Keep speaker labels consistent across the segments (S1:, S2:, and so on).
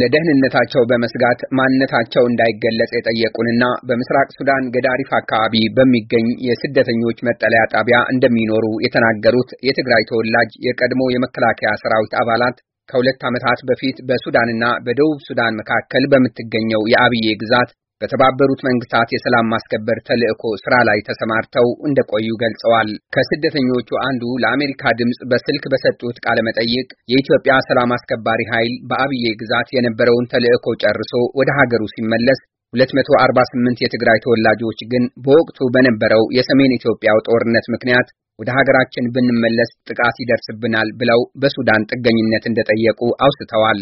S1: ለደህንነታቸው በመስጋት ማንነታቸው እንዳይገለጽ የጠየቁንና በምስራቅ ሱዳን ገዳሪፍ አካባቢ በሚገኝ የስደተኞች መጠለያ ጣቢያ እንደሚኖሩ የተናገሩት የትግራይ ተወላጅ የቀድሞ የመከላከያ ሰራዊት አባላት ከሁለት ዓመታት በፊት በሱዳንና በደቡብ ሱዳን መካከል በምትገኘው የአብዬ ግዛት በተባበሩት መንግስታት የሰላም ማስከበር ተልዕኮ ስራ ላይ ተሰማርተው እንደቆዩ ገልጸዋል። ከስደተኞቹ አንዱ ለአሜሪካ ድምፅ በስልክ በሰጡት ቃለ መጠይቅ የኢትዮጵያ ሰላም አስከባሪ ኃይል በአብዬ ግዛት የነበረውን ተልዕኮ ጨርሶ ወደ ሀገሩ ሲመለስ 248 የትግራይ ተወላጆች ግን በወቅቱ በነበረው የሰሜን ኢትዮጵያው ጦርነት ምክንያት ወደ ሀገራችን ብንመለስ ጥቃት ይደርስብናል ብለው በሱዳን ጥገኝነት እንደጠየቁ አውስተዋል።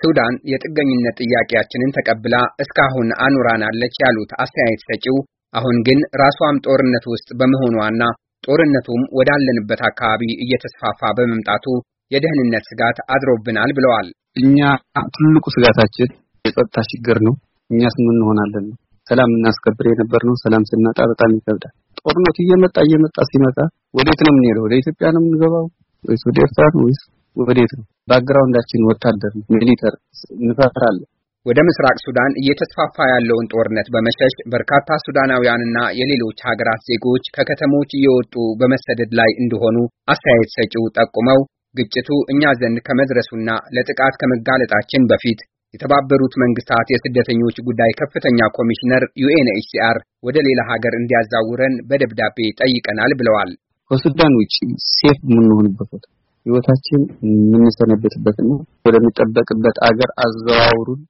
S1: ሱዳን የጥገኝነት ጥያቄያችንን ተቀብላ እስካሁን አኑራናለች ያሉት አስተያየት ሰጪው አሁን ግን ራሷም ጦርነት ውስጥ በመሆኗና ጦርነቱም ወዳለንበት አካባቢ እየተስፋፋ በመምጣቱ የደህንነት ስጋት አድሮብናል ብለዋል።
S2: እኛ ትልቁ ስጋታችን የጸጥታ ችግር ነው። እኛስ ምን እንሆናለን ነው። ሰላም እናስከብር የነበር ነው። ሰላም ስናጣ በጣም ይከብዳል። ጦርነቱ እየመጣ እየመጣ ሲመጣ ወዴት ነው የምንሄደው? ወደ ኢትዮጵያ ነው የምንገባው ወይስ ወደ ኤርትራ ነው ወይስ ወዴት ነው? ባክግራውንዳችን ወታደር ሚሊተር
S1: እንፈራለን። ወደ ምስራቅ ሱዳን እየተስፋፋ ያለውን ጦርነት በመሸሽ በርካታ ሱዳናውያንና የሌሎች ሀገራት ዜጎች ከከተሞች እየወጡ በመሰደድ ላይ እንደሆኑ አስተያየት ሰጪው ጠቁመው ግጭቱ እኛ ዘንድ ከመድረሱና ለጥቃት ከመጋለጣችን በፊት የተባበሩት መንግስታት የስደተኞች ጉዳይ ከፍተኛ ኮሚሽነር ዩኤንኤችሲአር ወደ ሌላ ሀገር እንዲያዛውረን በደብዳቤ ጠይቀናል ብለዋል።
S2: ከሱዳን ውጪ ሴፍ የምንሆንበት ቦታ ህይወታችን የምንሰነበትበትና ወደሚጠበቅበት አገር አዘዋውሩን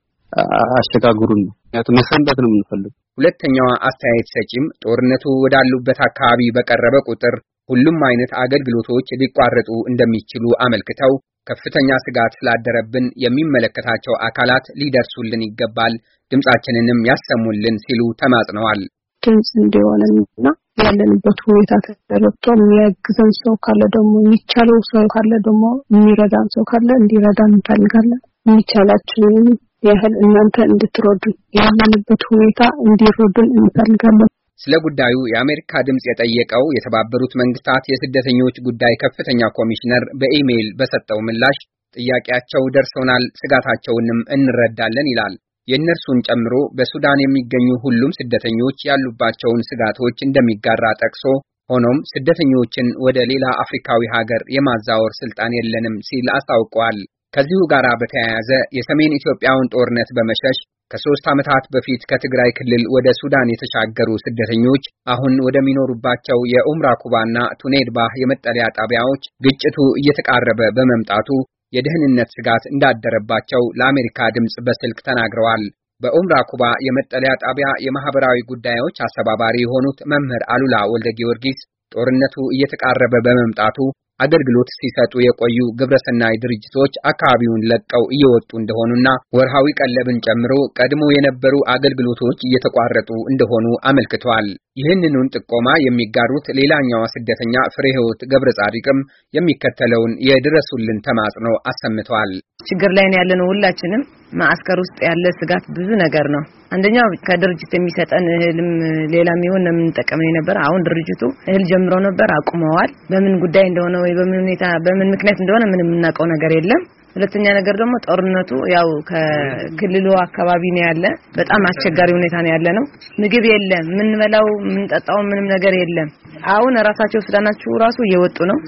S2: አሸጋግሩን ነው። ምክንያቱም መሰንበት ነው የምንፈልግ።
S1: ሁለተኛዋ አስተያየት ሰጪም ጦርነቱ ወዳሉበት አካባቢ በቀረበ ቁጥር ሁሉም አይነት አገልግሎቶች ሊቋረጡ እንደሚችሉ አመልክተው ከፍተኛ ስጋት ስላደረብን የሚመለከታቸው አካላት ሊደርሱልን ይገባል፣ ድምጻችንንም ያሰሙልን ሲሉ ተማጽነዋል።
S2: ድምፅ እንዲሆነን እና ያለንበት ሁኔታ ተረድቶ የሚያግዘን ሰው ካለ ደግሞ የሚቻለው ሰው ካለ ደግሞ የሚረዳን ሰው ካለ እንዲረዳን እንፈልጋለን። የሚቻላችንን ያህል እናንተ እንድትረዱን ያለንበት ሁኔታ እንዲረዱን እንፈልጋለን።
S1: ስለ ጉዳዩ የአሜሪካ ድምፅ የጠየቀው የተባበሩት መንግስታት የስደተኞች ጉዳይ ከፍተኛ ኮሚሽነር በኢሜይል በሰጠው ምላሽ ጥያቄያቸው ደርሰውናል፣ ስጋታቸውንም እንረዳለን ይላል። የእነርሱን ጨምሮ በሱዳን የሚገኙ ሁሉም ስደተኞች ያሉባቸውን ስጋቶች እንደሚጋራ ጠቅሶ ሆኖም ስደተኞችን ወደ ሌላ አፍሪካዊ ሀገር የማዛወር ስልጣን የለንም ሲል አስታውቋል። ከዚሁ ጋር በተያያዘ የሰሜን ኢትዮጵያውን ጦርነት በመሸሽ ከሶስት ዓመታት በፊት ከትግራይ ክልል ወደ ሱዳን የተሻገሩ ስደተኞች አሁን ወደሚኖሩባቸው የኡምራ ኩባና ቱኔድባህ የመጠለያ ጣቢያዎች ግጭቱ እየተቃረበ በመምጣቱ የደህንነት ስጋት እንዳደረባቸው ለአሜሪካ ድምፅ በስልክ ተናግረዋል። በኡምራ ኩባ የመጠለያ ጣቢያ የማህበራዊ ጉዳዮች አስተባባሪ የሆኑት መምህር አሉላ ወልደ ጊዮርጊስ ጦርነቱ እየተቃረበ በመምጣቱ አገልግሎት ሲሰጡ የቆዩ ግብረሰናይ ድርጅቶች አካባቢውን ለቀው እየወጡ እንደሆኑና ወርሃዊ ቀለብን ጨምሮ ቀድሞ የነበሩ አገልግሎቶች እየተቋረጡ እንደሆኑ አመልክቷል። ይህንኑን ጥቆማ የሚጋሩት ሌላኛዋ ስደተኛ ፍሬህይወት ገብረ ጻድቅም የሚከተለውን የድረሱልን ተማጽኖ አሰምተዋል።
S3: ችግር ላይ ነው ያለነው ሁላችንም። ማዕስከር ውስጥ ያለ ስጋት ብዙ ነገር ነው። አንደኛው ከድርጅት የሚሰጠን እህልም ሌላም ይሁን ነው የምንጠቀመው የነበረ። አሁን ድርጅቱ እህል ጀምሮ ነበር አቁመዋል። በምን ጉዳይ እንደሆነ ወይ በምን ሁኔታ በምን ምክንያት እንደሆነ ምንም የምናውቀው ነገር የለም። ሁለተኛ ነገር ደግሞ ጦርነቱ ያው ከክልሉ አካባቢ ነው ያለ። በጣም አስቸጋሪ ሁኔታ ነው ያለ ነው። ምግብ የለም፣ የምንበላው የምንጠጣው ምንም ነገር የለም። አሁን ራሳቸው ሱዳናችሁ ራሱ እየወጡ ነው፣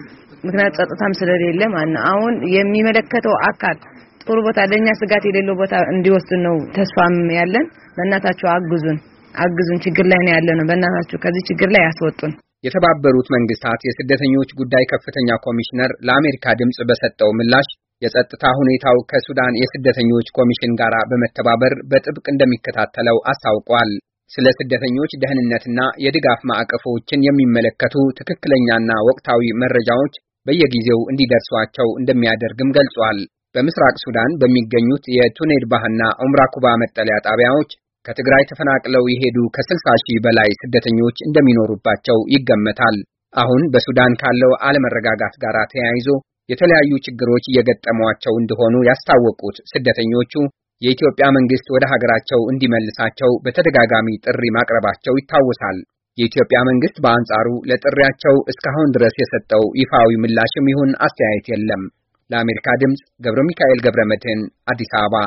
S3: ምክንያት ጸጥታም ስለሌለ ማለት ነው። አሁን የሚመለከተው አካል ጥሩ ቦታ ለኛ ስጋት የሌለው ቦታ እንዲወስድ ነው ተስፋም ያለን። በእናታችሁ አግዙን፣ አግዙን፣ ችግር ላይ ነው ያለ ነው።
S1: በእናታችሁ ከዚህ ችግር ላይ ያስወጡን። የተባበሩት መንግስታት የስደተኞች ጉዳይ ከፍተኛ ኮሚሽነር ለአሜሪካ ድምጽ በሰጠው ምላሽ የጸጥታ ሁኔታው ከሱዳን የስደተኞች ኮሚሽን ጋር በመተባበር በጥብቅ እንደሚከታተለው አስታውቋል። ስለ ስደተኞች ደህንነትና የድጋፍ ማዕቀፎችን የሚመለከቱ ትክክለኛና ወቅታዊ መረጃዎች በየጊዜው እንዲደርሷቸው እንደሚያደርግም ገልጿል። በምስራቅ ሱዳን በሚገኙት የቱኔድ ባህና ኦምራኩባ መጠለያ ጣቢያዎች ከትግራይ ተፈናቅለው የሄዱ ከ60 ሺህ በላይ ስደተኞች እንደሚኖሩባቸው ይገመታል። አሁን በሱዳን ካለው አለመረጋጋት ጋር ተያይዞ የተለያዩ ችግሮች እየገጠሟቸው እንደሆኑ ያስታወቁት ስደተኞቹ የኢትዮጵያ መንግስት ወደ ሀገራቸው እንዲመልሳቸው በተደጋጋሚ ጥሪ ማቅረባቸው ይታወሳል። የኢትዮጵያ መንግስት በአንጻሩ ለጥሪያቸው እስካሁን ድረስ የሰጠው ይፋዊ ምላሽም ይሁን አስተያየት የለም። ለአሜሪካ ድምፅ ገብረ ሚካኤል ገብረ መድህን አዲስ አበባ